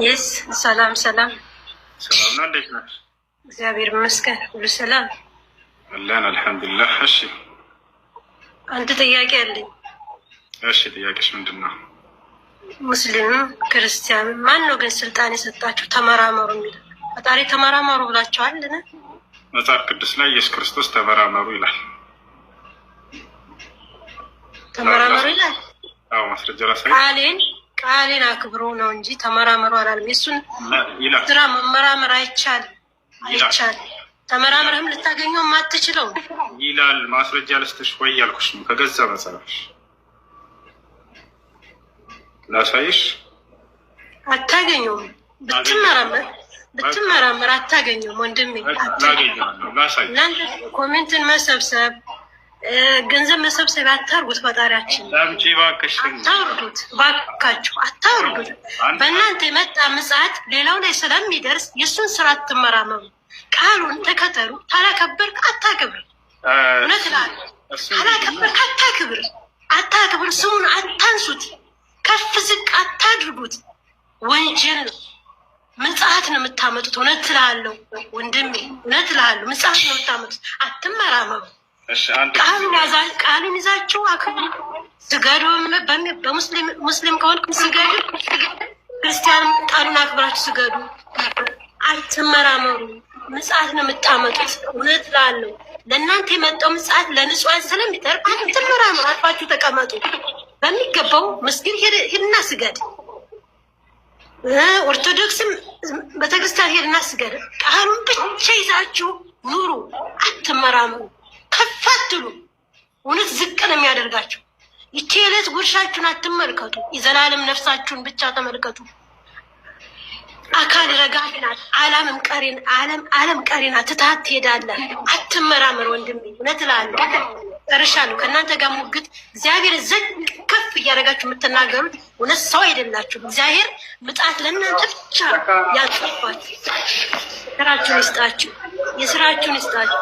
ይስ ሰላም ሰላም ሰላም ነው። እንዴት ነህ? እግዚአብሔር ይመስገን ሁሉ ሰላም አለን አልሐምዱሊላህ። እሺ አንድ ጥያቄ አለኝ። እሺ ጥያቄሽ ምንድን ነው? ሙስሊም ክርስቲያን፣ ማን ነው ግን ስልጣን የሰጣችሁ ተመራመሩ የሚል ፈጣሪ ተመራመሩ ብላችኋል? ነ መጽሐፍ ቅዱስ ላይ ኢየሱስ ክርስቶስ ተመራመሩ ይላል። ተመራመሩ ይላል። አዎ ማስረጃ ላሳይ ቃሌን አክብሮ ነው እንጂ ተመራምሮ አላለም። የሱን ስራ መመራመር አይቻልም፣ አይቻልም። ተመራምረህም ልታገኘው ማትችለው ይላል። ማስረጃ ልስጥሽ ወይ ያልኩሽ ነው። ከገዛ መጽሐፍሽ ላሳይሽ። አታገኘውም። ብትመራመር ብትመራመር አታገኘውም ወንድሜ። ላሳይ ኮሜንትን መሰብሰብ ገንዘብ መሰብሰብ አታርጉት። ፈጣሪያችን አታርጉት፣ ባካችሁ አታርጉት። በእናንተ የመጣ ምጽአት ሌላው ላይ ስለሚደርስ የእሱን ስራ አትመራመሩ። ቃሉን ተከተሉ። ታላከበርክ አታክብር። እውነት እላለሁ፣ ታላከበርክ አታክብር፣ አታክብር። ስሙን አታንሱት፣ ከፍ ዝቅ አታድርጉት። ወንጀል ነው፣ ምጽአት ነው የምታመጡት። እውነት እላለሁ ወንድሜ፣ እውነት እላለሁ፣ ምጽአት ነው የምታመጡት። አትመራመሩ ቃሉን ይዛችሁ ስገዱም በሙስሊም ከሆንክ ስገዱ፣ ክርስቲያን ቃሉን አክብራችሁ ስገዱ። አትመራመሩ። ምጽአት ነው የምታመጡት። እውነት ላለው ለእናንተ የመጣው ምጽአት አትመራመሩ። አርፋችሁ ተቀመጡ። በሚገባው መስጊድ ሄድና ስገድ። ኦርቶዶክስም ቤተክርስቲያን ሄድና ስገድ። ቃሉን ብቻ ይዛችሁ ኑሩ። አትመራመሩ። ከፍ አትሉም። እውነት ዝቅ ነው የሚያደርጋቸው። ይቺ ዕለት ጉርሻችሁን አትመልከቱ፣ የዘላለም ነፍሳችሁን ብቻ ተመልከቱ። አካል ረጋፊ ናት። ዓለምም ቀሪ አለም ዓለም ቀሪ ትታት ትሄዳለህ። አትመራመር ወንድም፣ እውነት እላለሁ። ጨርሻለሁ። ከእናንተ ጋር ሙግት እግዚአብሔር ዘግ ከፍ እያደረጋችሁ የምትናገሩት እውነት ሰው አይደላችሁም። እግዚአብሔር ምጣት ለእናንተ ብቻ ያንጠባችሁ። ስራችሁን ይስጣችሁ፣ የስራችሁን ይስጣችሁ።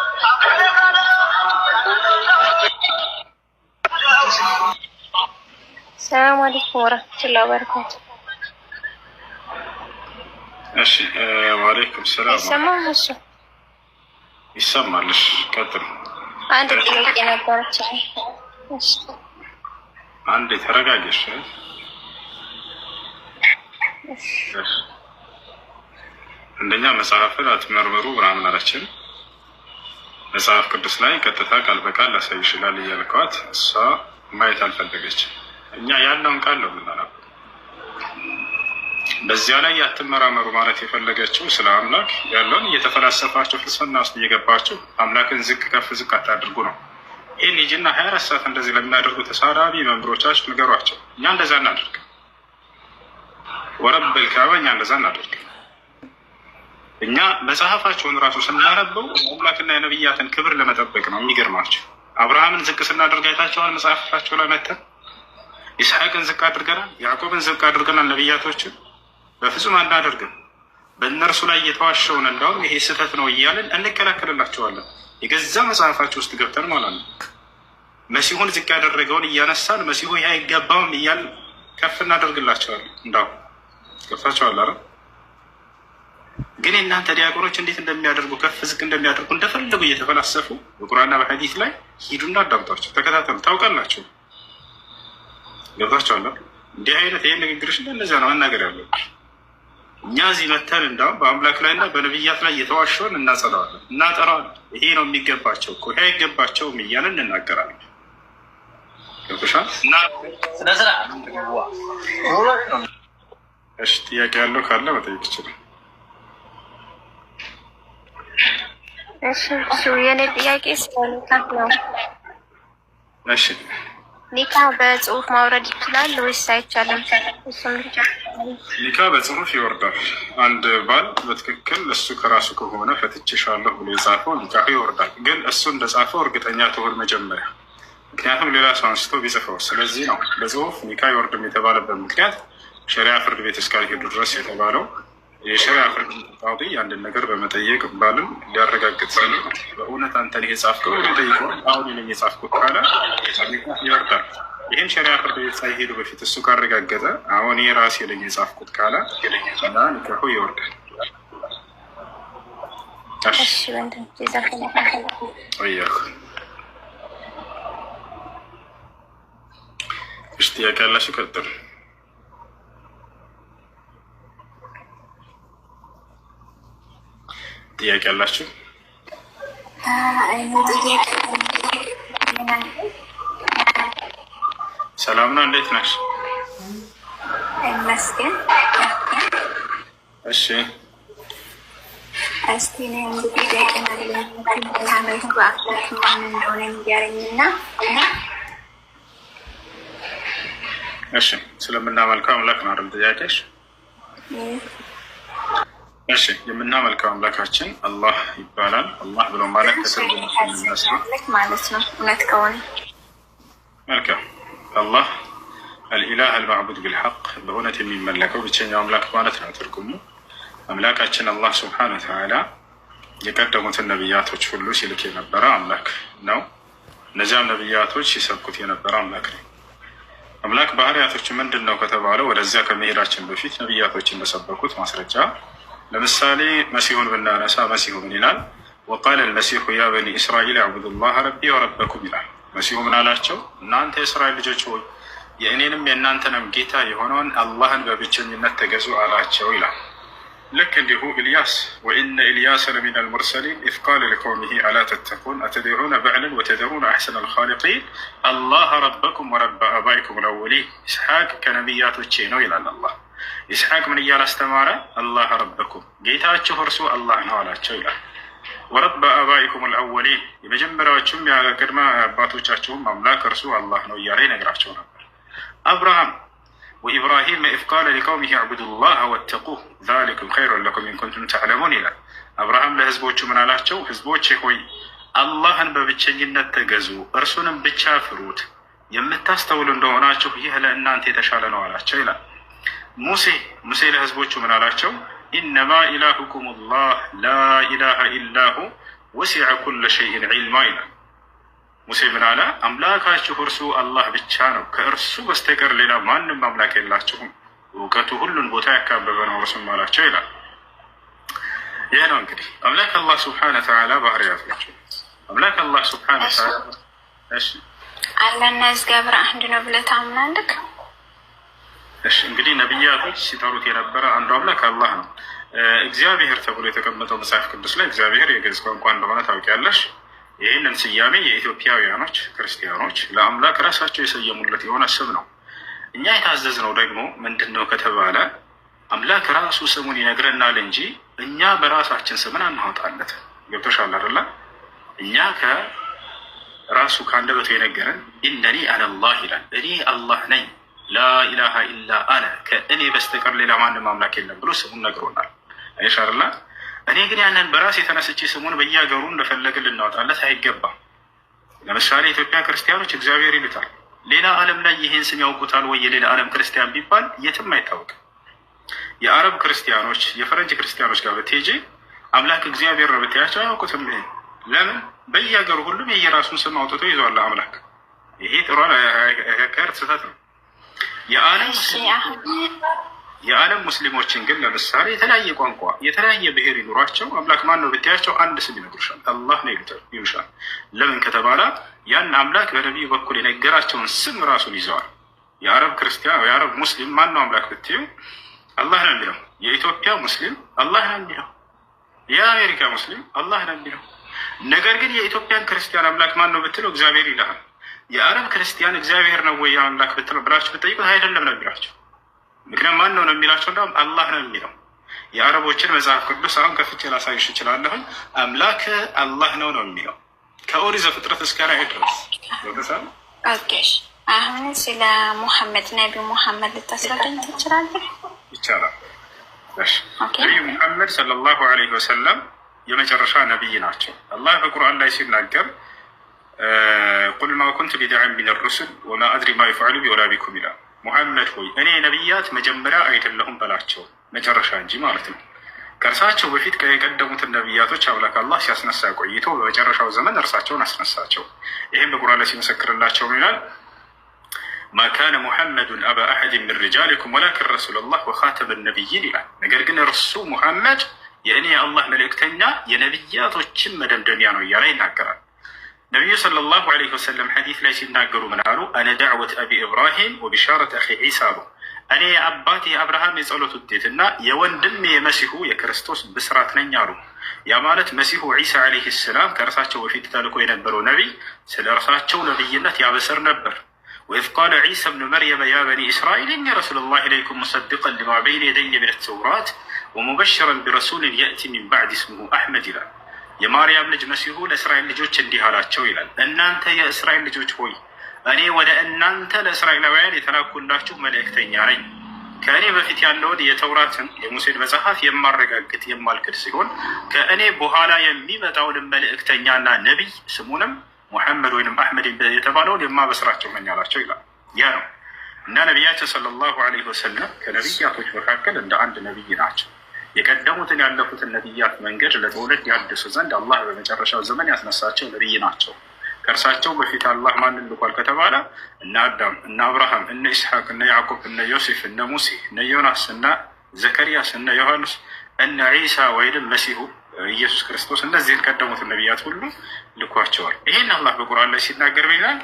ሰላም አለይኩም ወራህመቱላሂ ወበረካቱ። እሺ ወአለይኩም ሰላም። ይሰማል? እሺ ይሰማል። ቀጥል። አንድ ጥያቄ ነበረች። እሺ አንዴ ተረጋግሽ። አንደኛ መጽሐፍን አትመርምሩ ምናምን አላችን። መጽሐፍ ቅዱስ ላይ ቀጥታ ቃል በቃል ላሳይሽላል እያልኳት እሷ ማየት አልፈለገች። እኛ ያለውን ቃል ነው የምናነበው። በዚያ ላይ ያትመራመሩ ማለት የፈለገችው ስለ አምላክ ያለውን እየተፈላሰፋቸው ፍልስፍና ውስጥ እየገባቸው አምላክን ዝቅ ከፍ ዝቅ አታድርጉ ነው። ይህን ልጅና ሀያ አራት ሰዓት እንደዚህ ለሚያደርጉ ተሳዳቢ መምህሮቻችሁ ንገሯቸው። እኛ እንደዛ እናደርግ ወረብ በልካባ እኛ እንደዛ እናደርግ። እኛ መጽሐፋቸውን ራሱ ስናነበው የአምላክና የነብያትን ክብር ለመጠበቅ ነው። የሚገርማቸው አብርሃምን ዝቅ ስናደርግ አይታቸዋል። መጽሐፋቸው ላይ መተን ይስሐቅን ዝቅ አድርገናል፣ ያዕቆብን ዝቅ አድርገናል። ነቢያቶችን በፍጹም አናደርግም። በእነርሱ ላይ እየተዋሸውን እንዳሁም ይሄ ስህተት ነው እያለን እንከላከልላቸዋለን። የገዛ መጽሐፋቸው ውስጥ ገብተን ማለት ነው። መሲሁን ዝቅ ያደረገውን እያነሳን መሲሁ ይህ አይገባም እያል ከፍ እናደርግላቸዋለን። እንዳሁ ገብታቸዋል። ግን የእናንተ ዲያቆኖች እንዴት እንደሚያደርጉ ከፍ ዝቅ እንደሚያደርጉ እንደፈለጉ እየተፈላሰፉ በቁርአንና በሐዲስ ላይ ሂዱና አዳምጧቸው፣ ተከታተሉ፣ ታውቃላችሁ። ገብቷቸዋል። እንዲህ አይነት ይህ ንግግርሽ እንደነዚያ ነው መናገር ያለው። እኛ እዚህ መተን እንዳውም በአምላክ ላይና በነብያት ላይ እየተዋሸውን እናጸለዋለን፣ እናጠራዋለን። ይሄ ነው የሚገባቸው እኮ ይሄ አይገባቸውም እያለን እንናገራለን። ገብቶሻል። ጥያቄ ያለው ካለ መጠየቅ ይችላል። እሺ የኔ ጥያቄ ስለ ኒካህ ነው። እሺ በጽሁፍ ማውረድ ይችላል ወይስ አይቻልም? ኒካ በጽሁፍ ይወርዳል። አንድ ባል በትክክል እሱ ከራሱ ከሆነ ፈትቼሻለሁ ብሎ የጻፈው ኒካ ይወርዳል። ግን እሱ እንደጻፈው እርግጠኛ ትሆን መጀመሪያ፣ ምክንያቱም ሌላ ሰው አንስቶ ቢጽፈው። ስለዚህ ነው በጽሁፍ ኒካ ይወርድም የተባለበት ምክንያት ሸሪያ ፍርድ ቤት እስካልሄዱ ድረስ የተባለው የሸሪያ ፍርድ ቃዲ አንድን ነገር በመጠየቅ ባልም ሊያረጋግጥ ሲል በእውነት አንተን ነህ የጻፍከው ጠይቆ አሁን ነኝ የጻፍኩት ካለ ይወርዳል። ይህን ሸሪያ ፍርድ ቤት ሳይሄዱ በፊት እሱ ካረጋገጠ አሁን ይህ ራሴ ነኝ የጻፍኩት ካለ እና ንቅሑ ይወርዳል። ጥያቄ ያላችሁ ቀጥል። ጥያቄ አላችሁ? ሰላም ነው። እንዴት ነሽ? እሺ እስቲ እኔ እንግዲህ ደቅናለመቱ በአፍላት ማን እንደሆነ እንዲያረኝና እሺ፣ ስለምናመልከው አምላክ ነው አይደል ጥያቄሽ? እሺ የምናመልከው አምላካችን አላህ ይባላል። አላህ ብሎ ማለት ነው። እውነት ከሆነ መልካም አላህ አልኢላህ አልማዕቡድ ብልሐቅ በእውነት የሚመለከው ብቸኛው አምላክ ማለት ነው ትርጉሙ። አምላካችን አላህ ስብሐነ ወተዓላ የቀደሙትን ነቢያቶች ሁሉ ሲልክ የነበረ አምላክ ነው። እነዚያም ነቢያቶች ሲሰብኩት የነበረ አምላክ ነው። አምላክ ባህርያቶች ምንድን ነው ከተባለው ወደዚያ ከመሄዳችን በፊት ነቢያቶች እንደሰበኩት ማስረጃ ለምሳሌ መሲሁን ብናነሳ መሲሁ ምን ይላል? ወቃለ ልመሲሑ ያ በኒ እስራኤል አዕቡዱ ላህ ረቢ ወረበኩም ይላል። መሲሁ ምን አላቸው? እናንተ የእስራኤል ልጆች ሆይ የእኔንም የእናንተንም ጌታ የሆነውን አላህን በብቸኝነት ተገዙ አላቸው ይላል። ልክ እንዲሁ ኢልያስ ወኢነ ኢልያስ ለሚን አልሙርሰሊን ኢዝ ቃለ ሊቀውሚሂ አላ ተተቁን አተድዑነ በዕልን ወተደዑነ አሕሰነ አልኻሊቂን አላህ ረበኩም ወረበ አባይኩም አልአወሊን። ኢስሐቅ ከነቢያቶቼ ነው ይላል አላህ ይስሐቅ ምን እያል አስተማረ? አላህ ረበኩም ጌታችሁ እርሱ አላህ ነው አላቸው ይላል። ወረብ አባይኩም አልአወሊን የመጀመሪያዎቹም የቅድመ አባቶቻችሁም አምላክ እርሱ አላህ ነው እያለ ይነግራቸው ነበር። አብርሃም ወኢብራሂም ኢዝ ቃለ ሊቀውሚሂ ላህ ወተቁሁ ዛሊኩም ኸይሩን ለኩም ኢንኩንቱም ተዕለሙን ይላል። አብርሃም ለህዝቦቹ ምን አላቸው? ህዝቦቼ ሆይ አላህን በብቸኝነት ተገዙ፣ እርሱንም ብቻ ፍሩት። የምታስተውሉ እንደሆናችሁ ይህ ለእናንተ የተሻለ ነው አላቸው ይላል። ሙሴ ሙሴ ለህዝቦቹ ምን አላቸው? ኢነማ ኢላሁኩም ላህ ላኢላሀ ኢላሁ ወሲዐ ኩለ ሸይን ዒልማ ይላል። ሙሴ ምን አለ? አምላካችሁ እርሱ አላህ ብቻ ነው፣ ከእርሱ በስተቀር ሌላ ማንም አምላክ የላችሁም፣ እውቀቱ ሁሉን ቦታ ያካበበ ነው እርሱም አላቸው ይላል። ይህ ነው እንግዲህ አምላክ አላህ ስብሓነ ተዓላ ባህርያት አምላክ አላህ ስብሓነ ተዓላ አላህና እግዚአብሔር አንድ ነው ብለህ ታምናለህ? እሺ እንግዲህ ነቢያቶች ሲጠሩት የነበረ አንዱ አምላክ አላህ ነው። እግዚአብሔር ተብሎ የተቀመጠው መጽሐፍ ቅዱስ ላይ እግዚአብሔር የግዕዝ ቋንቋ እንደሆነ ታውቂያለሽ። ይህንን ስያሜ የኢትዮጵያውያኖች ክርስቲያኖች ለአምላክ ራሳቸው የሰየሙለት የሆነ ስም ነው። እኛ የታዘዝነው ደግሞ ምንድን ነው ከተባለ አምላክ ራሱ ስሙን ይነግረናል እንጂ እኛ በራሳችን ስምን አናወጣለት። ገብቶሻል አይደለ? እኛ ከራሱ ከአንደበቱ የነገረን ኢነኒ አነላህ ይላል፣ እኔ አላህ ነኝ ላኢላሃ ኢላ አነ ከእኔ በስተቀር ሌላ ማንም አምላክ የለም ብሎ ስሙን ነግሮናል። አይሻርላ እኔ ግን ያንን በራሴ የተነስች ስሙን በየሀገሩ እንደፈለግን ልናወጣለት አይገባም። ለምሳሌ ኢትዮጵያ ክርስቲያኖች እግዚአብሔር ይሉታል። ሌላ ዓለም ላይ ይህን ስም ያውቁታል ወይ? የሌላ ዓለም ክርስቲያን ቢባል የትም አይታወቅም። የአረብ ክርስቲያኖች የፈረንጅ ክርስቲያኖች ጋር ብትሄጂ አምላክ እግዚአብሔር ነው ብትያቸው አያውቁትም። ይሄን ለምን? በየሀገሩ ሁሉም የየራሱን ስም አውጥቶ ይዟል አምላክ። ይሄ ጥሩ ስህተት ነው። የዓለም ሙስሊሞችን ግን ለምሳሌ የተለያየ ቋንቋ የተለያየ ብሔር ይኑሯቸው አምላክ ማን ነው ብታያቸው አንድ ስም ይነግሩሻል፣ አላህ ነው ይሉሻል። ለምን ከተባለ ያን አምላክ በነቢዩ በኩል የነገራቸውን ስም ራሱን ይዘዋል። የአረብ ክርስቲያን የአረብ ሙስሊም ማን ነው አምላክ ብትዩ አላህ ነው የሚለው። የኢትዮጵያ ሙስሊም አላህ ነው የሚለው። የአሜሪካ ሙስሊም አላህ ነው የሚለው። ነገር ግን የኢትዮጵያን ክርስቲያን አምላክ ማን ነው ብትለው እግዚአብሔር ይልሃል። የአረብ ክርስቲያን እግዚአብሔር ነው ወይ አምላክ ብላችሁ ብጠይቁት አይደለም ነው የሚላቸው። ምክንያት ማን ነው ነው የሚላቸው? እንዳውም አላህ ነው የሚለው። የአረቦችን መጽሐፍ ቅዱስ አሁን ከፍቼ ላሳይሽ እችላለሁኝ። አምላክ አላህ ነው ነው የሚለው ከኦሪት ዘፍጥረት እስከ ራዕይ ድረስ። አሁን ስለ ሙሐመድ ነቢ ሙሐመድ ልታስረዳኝ ትችላለህ? ይቻላል። ነቢዩ ሙሐመድ ሰለላሁ አለይሂ ወሰለም የመጨረሻ ነቢይ ናቸው። አላህ በቁርአን ላይ ሲናገር ቁል ማ ኩንቱ ቢድዐን ሚነ ሩሱል ወማ አድሪ ማ ይፍዐሉ ቢ ወላ ቢኩም ይላል። ሙሐመድ ሆይ እኔ ነቢያት መጀመሪያ አይደለሁም በላቸው፣ መጨረሻ እንጂ ማለት ነው። ከእርሳቸው በፊት የቀደሙትን ነቢያቶች አምላክ አላህ ሲያስነሳ ቆይቶ በመጨረሻው ዘመን እርሳቸውን አስነሳቸው። ይህም በቁርአን ላይ ሲመሰክርላቸው ይላል ማ ካነ ሙሐመዱን አባ አሐድን ምን ሪጃሊኩም ወላኪን ረሱለላህ ወኻተመ ነቢይን ይላል። ነገር ግን እርሱ ሙሐመድ የእኔ የአላህ መልእክተኛ የነቢያቶችን መደምደሚያ ነው እያለ ይናገራል። ነቢዩ ሰለላሁ ዐለይሂ ወሰለም ሐዲስ ላይ ሲናገሩ ምን አሉ? አነ ዳዕወት አቢ ኢብራሂም ወቢሻረት አኺ ዒሳ አሉ። እኔ የአባት የአብርሃም የጸሎት ውጤት እና የወንድም የመሲሁ የክርስቶስ ብስራት ነኝ አሉ። ያ ማለት መሲሁ ዒሳ ዐለይሂ ሰላም ከእርሳቸው በፊት ተልኮ የነበረው ነቢይ ስለ እርሳቸው ነቢይነት ያበስር ነበር። ወኢዝ ቃለ ዒሳ ብኑ መርየም ያ በኒ እስራኤል እኒ ረሱሉላሂ ኢለይኩም ሙሰድቀን ሊማ በይነ የደየ ሚነ ተውራት ወሙበሽረን ቢረሱልን የእቲ ሚን ባዕድ ስሙሁ አሕመድ ይላል የማርያም ልጅ መሲሁ ለእስራኤል ልጆች እንዲህ አላቸው ይላል። እናንተ የእስራኤል ልጆች ሆይ እኔ ወደ እናንተ ለእስራኤላውያን የተላኩላችሁ መልእክተኛ ነኝ። ከእኔ በፊት ያለውን የተውራትን የሙሴን መጽሐፍ የማረጋግጥ የማልክድ ሲሆን ከእኔ በኋላ የሚመጣውንም መልእክተኛና ነቢይ ስሙንም ሙሐመድ ወይም አሕመድ የተባለውን የማበስራቸው ነኝ አላቸው ይላል። ያ ነው እና ነቢያችን ሰለላሁ ዐለይሂ ወሰለም ከነቢያቶች መካከል እንደ አንድ ነቢይ ናቸው። የቀደሙትን ያለፉትን ነቢያት መንገድ ለትውልድ ያድሱ ዘንድ አላህ በመጨረሻው ዘመን ያስነሳቸው ነብይ ናቸው። ከእርሳቸው በፊት አላህ ማን ልኳል ከተባለ እነ አዳም፣ እነ አብርሃም፣ እነ ኢስሐቅ፣ እነ ያዕቆብ፣ እነ ዮሴፍ፣ እነ ሙሴ፣ እነ ዮናስ፣ እነ ዘከርያስ፣ እነ ዮሐንስ፣ እነ ዒሳ ወይም መሲሁ ኢየሱስ ክርስቶስ እነዚህን ቀደሙትን ነቢያት ሁሉ ልኳቸዋል። ይህን አላህ በቁርአን ላይ ሲናገር ይላል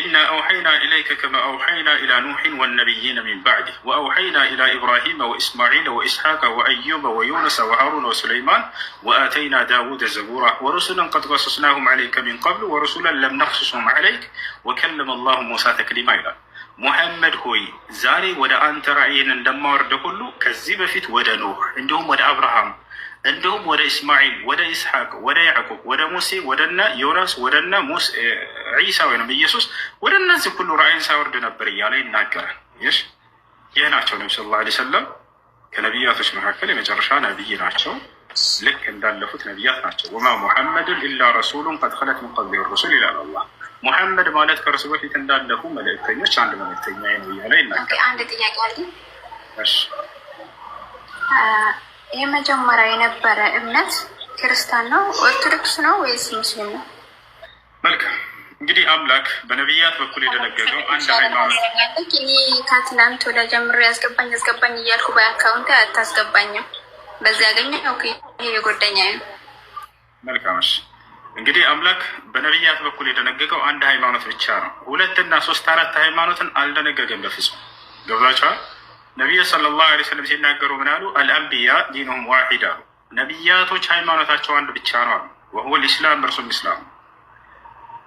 ኢና አውሐይና ኢለይከ ከማ አውሐይና ኢላ ኑሕን ወነቢይነ ሚን ባዕድህ ወአውሐይና ኢላ ኢብራሂመ ወኢስማዒል ወኢስሐቀ ወአዩበ ወዩነስ ወሃሩን ወሱለይማን ወአተይና ዳውደ ዘቡራ ወሩሱለን ቀድ ቀሰስናሁም ዐለይከ ሚን ቀብሉ ወሩሱለን ለም ነቅሱሱም ዐለይክ ወከለመ ላሁ ሙሳ ተክሊማ ይላል። ሙሐመድ ሆይ ዛሬ ወደ አንተ ራእይን እንደማወርደ ሁሉ ከዚህ በፊት ወደ ኑሕ እንዲሁም ወደ አብርሃም እንዲሁም ወደ ኢስማዒል፣ ወደ ኢስሐቅ፣ ወደ ያዕቁብ፣ ወደ ሙሴ፣ ወደነ ዮናስ፣ ወደነ ዒሳ ወይም ኢየሱስ ወደ እነዚህ ሁሉ ራእይን ሳይወርድ ነበር እያለ ይናገራል። ይሽ ይህ ናቸው ነቢ ስለ ላ ሰለም ከነቢያቶች መካከል የመጨረሻ ነቢይ ናቸው። ልክ እንዳለፉት ነቢያት ናቸው። ወማ ሙሐመድን ኢላ ረሱሉን ቀድ ኸለት ምን ቀብሊሂ ሩሱል ይላል አላህ። ሙሐመድ ማለት ከእርሱ በፊት እንዳለፉ መልእክተኞች አንድ መልእክተኛ ነው እያለ ይናገራል። የመጀመሪያ የነበረ እምነት ክርስቲያን ነው፣ ኦርቶዶክስ ነው ወይስ ሙስሊም ነው? መልካም እንግዲህ አምላክ በነቢያት በኩል የደነገገው አንድ ሃይማኖት። እኔ ከትላንት ወደ ጀምሮ ያስገባኝ ያስገባኝ እያልኩ በአካውንት አታስገባኝም። በዚህ ያገኘው ይሄ የጎደኛ ነው። መልካምሽ እንግዲህ አምላክ በነቢያት በኩል የደነገገው አንድ ሃይማኖት ብቻ ነው። ሁለትና ሶስት አራት ሃይማኖትን አልደነገገም በፍጹም ገብዛቸዋል ነቢዩ ሰለላሁ ዐለይሂ ወሰለም ሲናገሩ ምን አሉ? አልአንቢያ ዲኑሁም ዋሂድ አሉ። ነቢያቶች ሃይማኖታቸው አንድ ብቻ ነው አሉ። ወሁወል ኢስላም፣ እርሱም ኢስላም።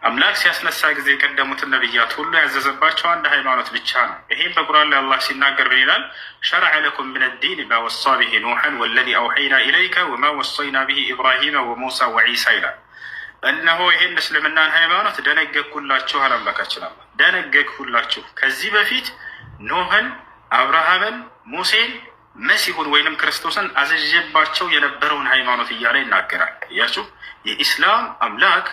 አምላክ ሲያስነሳ ጊዜ የቀደሙትን ነቢያት ሁሉ ያዘዘባቸው አንድ ሃይማኖት ብቻ ነው። ይሄም በቁርአን ላይ አላህ ሲናገር ምን ይላል? ሸረዐ ለኩም ምን ዲን ማ ወሳ ብሂ ኑሐን ወለዚ አውሐይና ኢለይከ ወማ ወሰይና ብሂ ኢብራሂመ ወሙሳ ወዒሳ ይላል። እነሆ ይህን እስልምናን ሃይማኖት ደነገግሁላችሁ አላምላካችን አላ ደነገግሁላችሁ ከዚህ በፊት ኖህን አብርሃምን፣ ሙሴን፣ መሲሁን ወይንም ክርስቶስን አዘጀባቸው የነበረውን ሃይማኖት እያለ ይናገራል። እያሱ የኢስላም አምላክ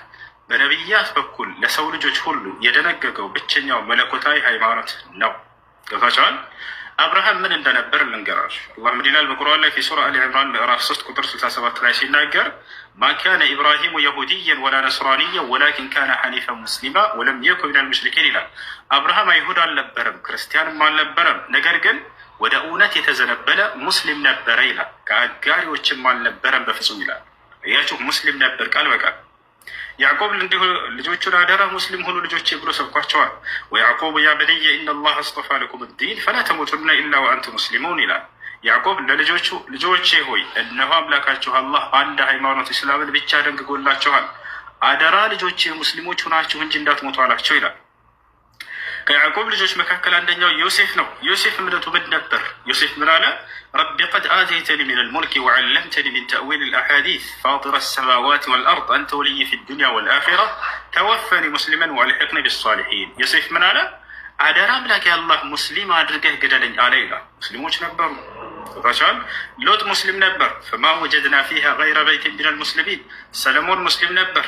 በነቢያት በኩል ለሰው ልጆች ሁሉ የደነገገው ብቸኛው መለኮታዊ ሃይማኖት ነው። ገብታችኋል? አብርሃም ምን እንደነበር ልንገራችሁ። አላህ ምን ይላል በቁርአን ላይ ሱራ አሊ ምዕራፍ 3 ቁጥር 67 ላይ ሲናገር ማካነ ኢብራሂሙ የሁድየን ወላ ነስራንየን ወላኪን ካነ ሐኒፈን ሙስሊማ ወለም የኩ ሚነል ሙሽሪኪን ይላል። አብርሃም አይሁድ አልነበረም፣ ክርስቲያንም አልነበረም። ነገር ግን ወደ እውነት የተዘነበለ ሙስሊም ነበረ ይላል። ከአጋሪዎችም አልነበረም በፍጹም ይላል። እያችሁ ሙስሊም ነበር ቃል በቃል ያዕቆብ እንዲሁ ልጆቹን አደራ ሙስሊም ሆኑ ልጆች ብሎ ሰብኳቸዋል። ወያዕቆብ ያ በነየ ኢና ላህ አስጠፋ ለኩም ዲን ፈላ ተሞቱና ኢላ ወአንቱ ሙስሊሙን ይላል። ያዕቆብ ለልጆቹ ልጆቼ ሆይ እነሆ አምላካችሁ አላህ አንድ ሃይማኖት እስላምን ብቻ ደንግጎላችኋል፣ አደራ ልጆቼ ሙስሊሞች ሆናችሁ እንጂ እንዳትሞቱ አላቸው ይላል። ከያዕቆብ ልጆች መካከል አንደኛው ዮሴፍ ነው። ዮሴፍ እምነቱ ምን ነበር? ዮሴፍ ምን አለ? ረቢ ቀድ አተይተኒ ሚን ልሙልክ ወዓለምተኒ ሚን ተእዊል ልአሓዲት ፋጢር ሰማዋት ወልአርድ አንተ ወልይ ፊ ዱንያ ወልአኺራ ተወፈኒ ሙስሊመን ወአልሕቅኒ ብሳሊሒን። ዮሴፍ ምን አለ? አደራ አምላክ የአላህ ሙስሊም አድርገህ ግደለኝ አለ ይላል። ሙስሊሞች ነበሩ ተጠቅሷል። ሎጥ ሙስሊም ነበር። ፈማ ወጀድና ፊሃ ገይረ በይትን ሚን ልሙስሊሚን። ሰለሞን ሙስሊም ነበር።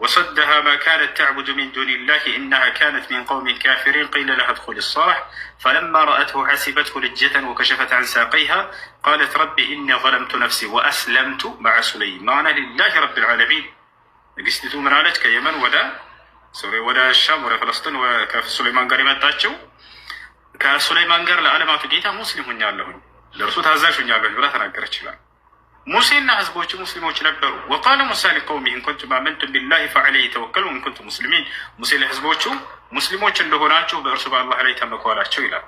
وصدها ما كانت تعبد من دون الله إنها كانت من قوم كافرين قيل لها ادخل الصالح فلما رأته حسبته لجة وكشفت عن ساقيها قالت ربي إني ظلمت نفسي وأسلمت مع سليمان لله رب العالمين نقستتو من عالتك يمن ولا سوري ولا الشام ولا فلسطين وكاف سليمان قال ما تاتشو كاف سليمان قال لألم أتجيتها مسلم يعلمون لرسول هزاش هني اللهم ولا تنقرتش ሙሴና ህዝቦች ሙስሊሞች ነበሩ። ወቃለ ሙሳ ሊቀውሚ እንኩንቱም አመንቱም ቢላሂ ፈዐለይሂ ተወከሉ እንኩንቱም ሙስሊሚን። ሙሴ ለህዝቦቹ ሙስሊሞች እንደሆናችሁ በእርሱ በአላህ ላይ ተመኳላቸው ይላል።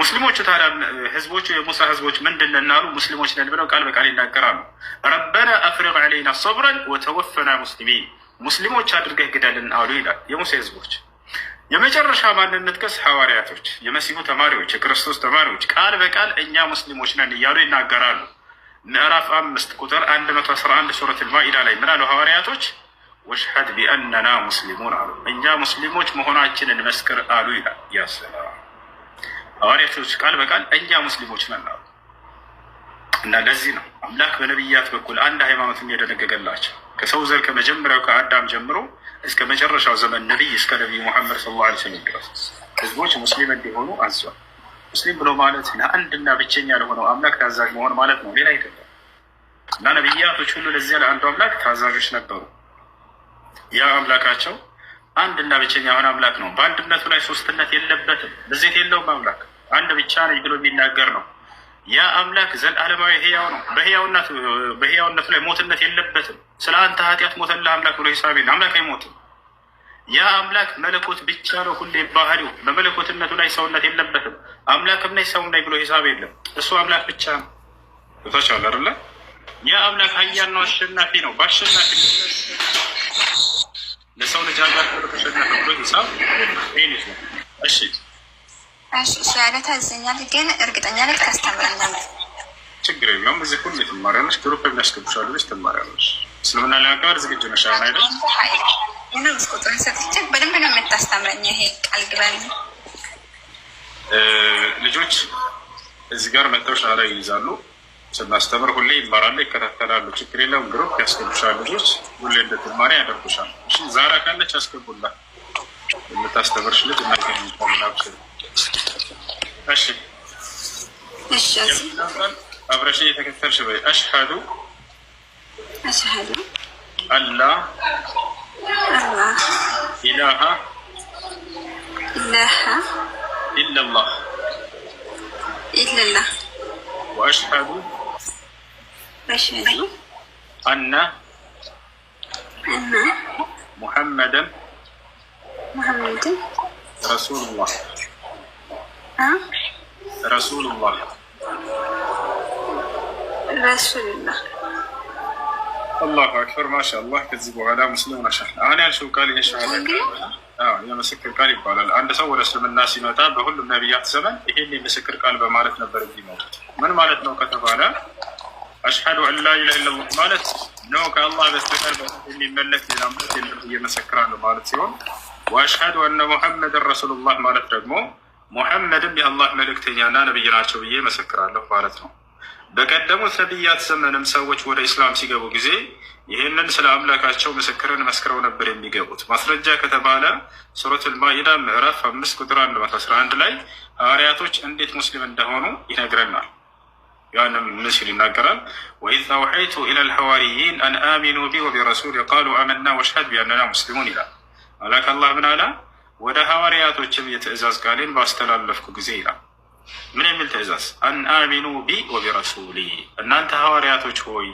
ሙስሊሞቹ ታዲያ ህዝቦቹ የሙሳ ህዝቦች ምንድን ነን አሉ። ሙስሊሞች ነን ብለው ቃል በቃል ይናገራሉ። ረበና አፍሪቅ ዓለይና ሰብረን ወተወፈና ሙስሊሚን፣ ሙስሊሞች አድርገህ ግደልን አሉ ይላል የሙሴ ህዝቦች የመጨረሻ ማንነት ቀስ ሐዋርያቶች፣ የመሲሁ ተማሪዎች፣ የክርስቶስ ተማሪዎች ቃል በቃል እኛ ሙስሊሞች ነን እያሉ ይናገራሉ። ምዕራፍ አምስት ቁጥር አንድ መቶ አስራ አንድ ሱረት ልማኢዳ ላይ ምን አሉ ሐዋርያቶች? ቢአነና ሙስሊሙን አሉ፣ እኛ ሙስሊሞች መሆናችንን መስክር አሉ ይላል። ያስላ ሐዋርያቶች ቃል በቃል እኛ ሙስሊሞች ነን አሉ። እና ለዚህ ነው አምላክ በነቢያት በኩል አንድ ሃይማኖት የደነገገላቸው ከሰው ዘር ከመጀመሪያው ከአዳም ጀምሮ እስከ መጨረሻው ዘመን ነቢይ እስከ ነቢይ ሙሐመድ ሰለላሁ ዐለይሂ ወሰለም ድረስ ህዝቦች ሙስሊም እንዲሆኑ አዟል። ሙስሊም ብሎ ማለት ለአንድና ብቸኛ ለሆነው አምላክ ታዛዥ መሆን ማለት ነው። ሌላ አይደለም። እና ነቢያቶች ሁሉ ለዚያ ለአንዱ አምላክ ታዛዦች ነበሩ። ያ አምላካቸው አንድና ብቸኛ የሆነ አምላክ ነው። በአንድነቱ ላይ ሶስትነት የለበትም፣ ብዜት የለውም። አምላክ አንድ ብቻ ነኝ ብሎ የሚናገር ነው። ያ አምላክ ዘላለማዊ ህያው ነው። በህያውነቱ ላይ ሞትነት የለበትም። ስለ አንተ ኃጢአት ሞተልህ አምላክ ብሎ ሂሳብ አምላክ አይሞትም። ያ አምላክ መለኮት ብቻ ነው ሁሌ ባህሪው። በመለኮትነቱ ላይ ሰውነት የለበትም። አምላክም ነኝ ሰውም ነኝ ብሎ ሂሳብ የለም። እሱ አምላክ ብቻ ነው። ተቻለ አይደለ? ያ አምላክ ሀያል ነው፣ አሸናፊ ነው። በአሸናፊ ለሰው ልጅ አምላክ ተሸናፊ ብሎ ሂሳብ ይህ ነው። እሺ እሺ፣ ያለ ታዘኛል፣ ግን እርግጠኛ ላይ ታስተምረኛለህ። ችግር የለውም። እዚህ ሁሉ ትማሪያለሽ። ግሩፕ የሚያስገቡሻሉ ትማሪያለሽ እስልምና ለመቀበል ዝግጁ ነሽ አሁን አይደል? የነብስ ቁጥር ሰጥቼ በደንብ ነው የምታስተምረኝ። ይሄ ቃል ግባል ልጆች እዚህ ጋር መጥተው ሻላ ይይዛሉ። ስናስተምር ሁሌ ይማራሉ፣ ይከታተላሉ። ችግር የለም። ግሩፕ ያስገቡሻል። ልጆች ሁሌ እንደትማሪ ያደርጉሻል። እሺ ዛራ ካለች ያስገቡላ የምታስተምርሽ ልጅ እናገኝታላሽ። እሺ አብረሽ እየተከተልሽ በይ አሽሃዱ أشهد أن لا الله إله إله إلا الله إلا الله وأشهد أشهد أن أن محمدا محمدا رسول الله أه؟ رسول الله رسول الله الله اكبر ما شاء الله كذبوا على مسلم ما شاء الله انا شو قال لي ايش قال اه يا مسكر قال يبقى الان تصور اسلم الناس يمتى بهل النبيات زمن يهي اللي مسكر قال بمالت نبر دي موت من مالت نو كتب على اشهد ان لا اله الا الله مالت نو الله بس بخير اللي ملت الى مالت اللي مسكر على مالت سيون واشهد ان محمد رسول الله مالت رقمه محمد بي الله ملك تنيانا نبينا شبيه مسكر على مالت نو በቀደሙት ነቢያት ዘመንም ሰዎች ወደ ኢስላም ሲገቡ ጊዜ ይህንን ስለ አምላካቸው ምስክርን መስክረው ነበር የሚገቡት። ማስረጃ ከተባለ ሱረቱል ማኢዳ ምዕራፍ አምስት ቁጥር አንድ መቶ አስራ አንድ ላይ ሐዋርያቶች እንዴት ሙስሊም እንደሆኑ ይነግረናል። ያንም ምን ሲል ይናገራል? ወኢዝ አውሐይቱ ኢለል ሐዋርይን አን አሚኑ ቢ ወቢረሱል ቃሉ አመና ወሽሀድ ቢአንና ሙስሊሙን ይላል። አላክ አላህ ምን አላ? ወደ ሐዋርያቶችም የትእዛዝ ቃሌን ባስተላለፍኩ ጊዜ ይላል ምን የሚል ትእዛዝ? አን አሚኑ ቢ ወቢረሱሊ እናንተ ሐዋርያቶች ሆይ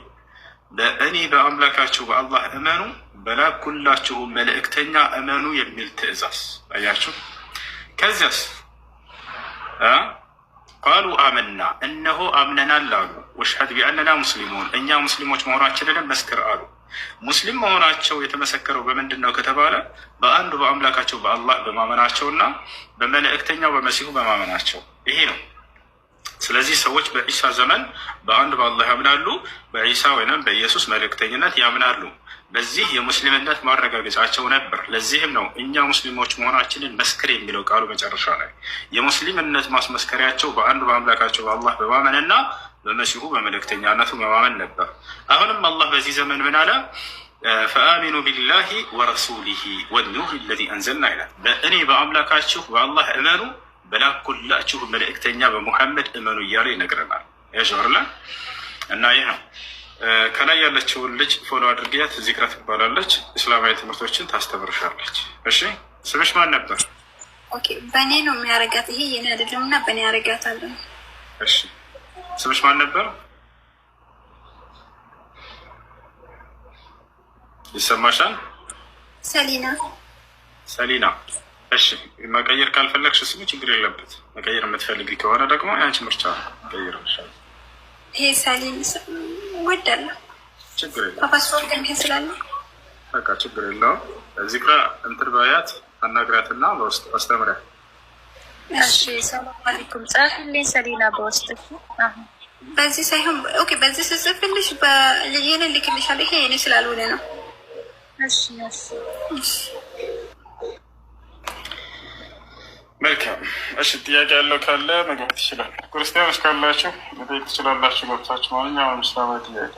በእኔ በአምላካችሁ በአላህ እመኑ፣ በላኩላችሁ መልእክተኛ እመኑ የሚል ትእዛዝ አያችሁ። ከዚያስ ቃሉ አመና እነሆ አምነናል አሉ። ወሽሐድ ቢአነና ሙስሊሙን እኛ ሙስሊሞች መሆናችንንም መስክር አሉ። ሙስሊም መሆናቸው የተመሰከረው በምንድን ነው ከተባለ በአንዱ በአምላካቸው በአላህ በማመናቸውና በመልእክተኛው በመሲሁ በማመናቸው ይሄ ነው። ስለዚህ ሰዎች በዒሳ ዘመን በአንድ በአላህ ያምናሉ፣ በዒሳ ወይም በኢየሱስ መልእክተኝነት ያምናሉ። በዚህ የሙስሊምነት ማረጋገጫቸው ነበር። ለዚህም ነው እኛ ሙስሊሞች መሆናችንን መስክር የሚለው ቃሉ መጨረሻ ላይ የሙስሊምነት ማስመስከሪያቸው በአንድ በአምላካቸው በአላህ በማመንና በመሲሁ በመልእክተኛነቱ በማመን ነበር። አሁንም አላህ በዚህ ዘመን ምን አለ? ፈአሚኑ ቢላሂ ወረሱሊሂ ወኑህ ለዚ አንዘልና ይላል። በእኔ በአምላካችሁ በአላህ እመኑ በላኩላችሁ መልእክተኛ በሙሐመድ እመኑ እያሉ ይነግረናል። ያሸርላ እና ይህ ነው። ከላይ ያለችውን ልጅ ፎሎ አድርጊያት። ዚክራ ትባላለች። እስላማዊ ትምህርቶችን ታስተምርሻለች። እሺ ስምሽ ማን ነበር? በእኔ ነው የሚያረጋት። ይሄ የኔ አይደለም እና በእኔ ያረጋታለሁ። እሺ ስምሽ ማን ነበር? ይሰማሻል? ሰሊና ሰሊና እሺ መቀየር ካልፈለግሽ ስሙ ችግር የለበት። መቀየር የምትፈልግ ከሆነ ደግሞ ያንቺ ምርጫ ቀይር ይሻል። ችግር የለም በቃ ችግር የለውም። እዚህ ጋ እንትን በያት አናግራት አናግራትና በውስጥ አስተምሪያ። እሺ ሰላም አለይኩም ጻፍልኝ ሰሊና በውስጥ በዚህ ሳይሆን በዚህ ስጽፍልሽ ይህንን ልክልሻለሁ። ይሄ እኔ ስላልሆነ ነው። እሺ እሺ መልካም እሺ፣ ጥያቄ ያለው ካለ መግባት ይችላል። ክርስቲያኖች ካላችሁ መጠየቅ ትችላላችሁ ገብታችሁ ማንኛውም እስላማዊ ጥያቄ